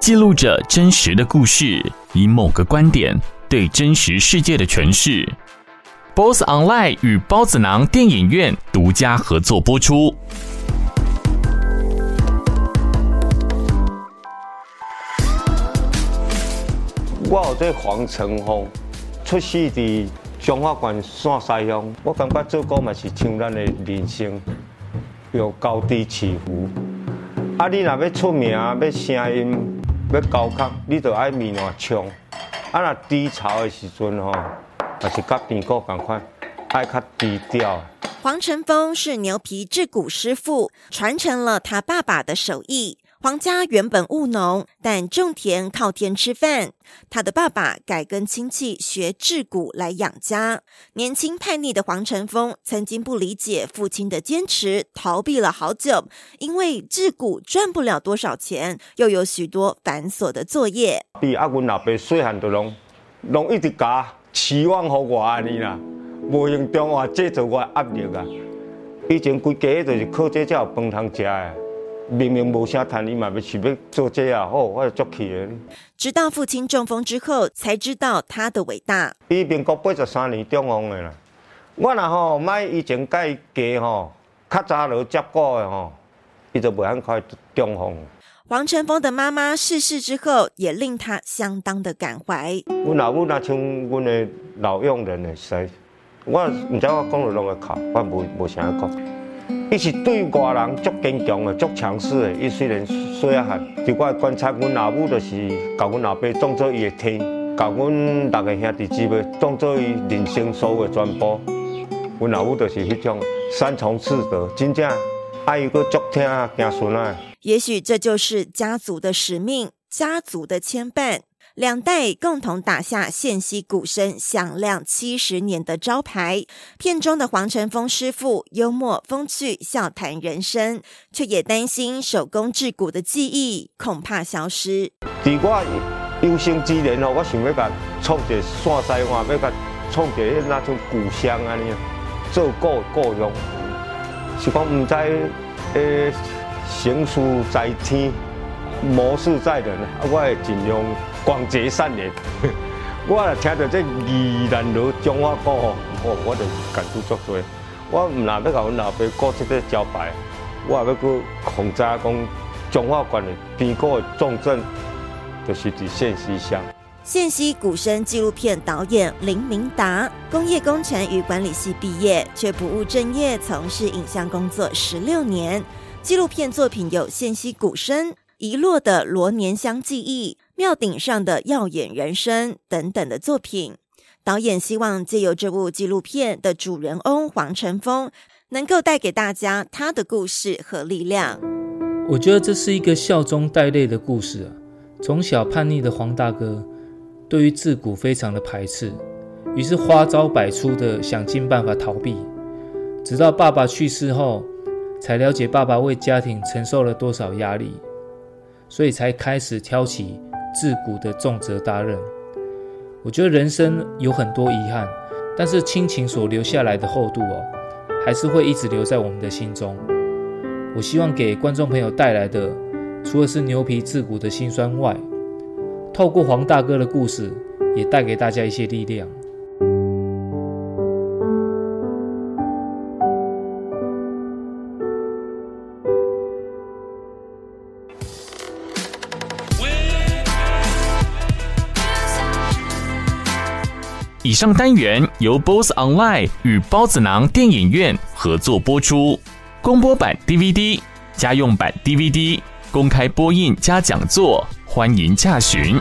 記錄着真實的故事，以某個觀點對真實世界的詮釋。Boss Online 與孢子囊電影院獨家合作播出。我號做黃呈豐，出世佇彰化縣線西鄉。我感覺做鼓嘛，是像咱的人生，有高低起伏。啊，你若要出名，要聲音。要高你就面啊，低潮的時候也是愛較低調。黃呈豐是牛皮製鼓師傅，傳承了他爸爸的手藝。黃家原本務農，但種田靠天吃飯。他的爸爸改跟親戚學製鼓來養家。年輕叛逆的黃呈豐曾經不理解父親的堅持，逃避了好久。因為製鼓賺不了多少錢，又有許多繁瑣的作業。明明無啥賺，伊嘛要起要做這啊、個，好、哦，我就做去咧。直到父親中風之後，才知道他的偉大。伊民國八十三年中風誒啦，我若吼、哦，賣以前介低吼，較早落接過誒吼，伊就袂安開中風。黃呈豐的媽媽逝世之後，也令他相當的感懷。阮老母若像阮誒老傭人誒時，我唔知我講了啷個哭，我無無啥講。伊是對外人足堅強的、足強勢的。伊雖然細啊漢，不過阮觀察阮老母，就是把阮老爸當做伊的天，把阮六個兄弟姊妹當做伊人生所有的全部。阮老母就是迄種三從四德，真正愛一個足疼啊、疼孫啊。也許這就是家族的使命，家族的牽絆。兩代共同打下線西鼓聲響亮七十年的招牌。片中的黃呈豐師傅，幽默風趣，笑談人生，卻也擔心手工製鼓的技藝恐怕消失。我有生之年喔，我想要甲創一個線西，要甲創一個那像鼓鄉安呢啊，做鼓鼓用，是講唔知，呃、成事在天。模式在的呢，我也儘量廣結善緣。我若聽到這義然如中華鼓，哦，我就感觸作多。我唔吶要甲阮老爸過這個招牌，我還要去控查講中華觀念，邊個重鎮，就是佇線西鄉。線西鼓聲紀錄片導演林明達，工業工程與管理系畢業，卻不務正業，從事影像工作十六年。紀錄片作品有《線西鼓聲》。遺落的羅黏香記憶、廟頂上的耀眼人生等等的作品，導演希望借由這部紀錄片的主人翁黃呈豐，能夠帶給大家他的故事和力量。我覺得這是一個笑中帶淚的故事啊！從小叛逆的黃大哥，對於製鼓非常的排斥，於是花招百出的想盡辦法逃避，直到爸爸去世後，才了解爸爸為家庭承受了多少壓力。所以才開始挑起製鼓的重責大任。我覺得人生有很多遺憾，但是親情所留下來的厚度哦，還是會一直留在我們的心中。我希望給觀眾朋友帶來的，除了是牛皮製鼓的辛酸外，透過黃大哥的故事，也帶給大家一些力量。以上單元由 BOSS Online 與孢子囊電影院合作播出，公播版 DVD、家用版 DVD 公開播映加講座，歡迎洽詢。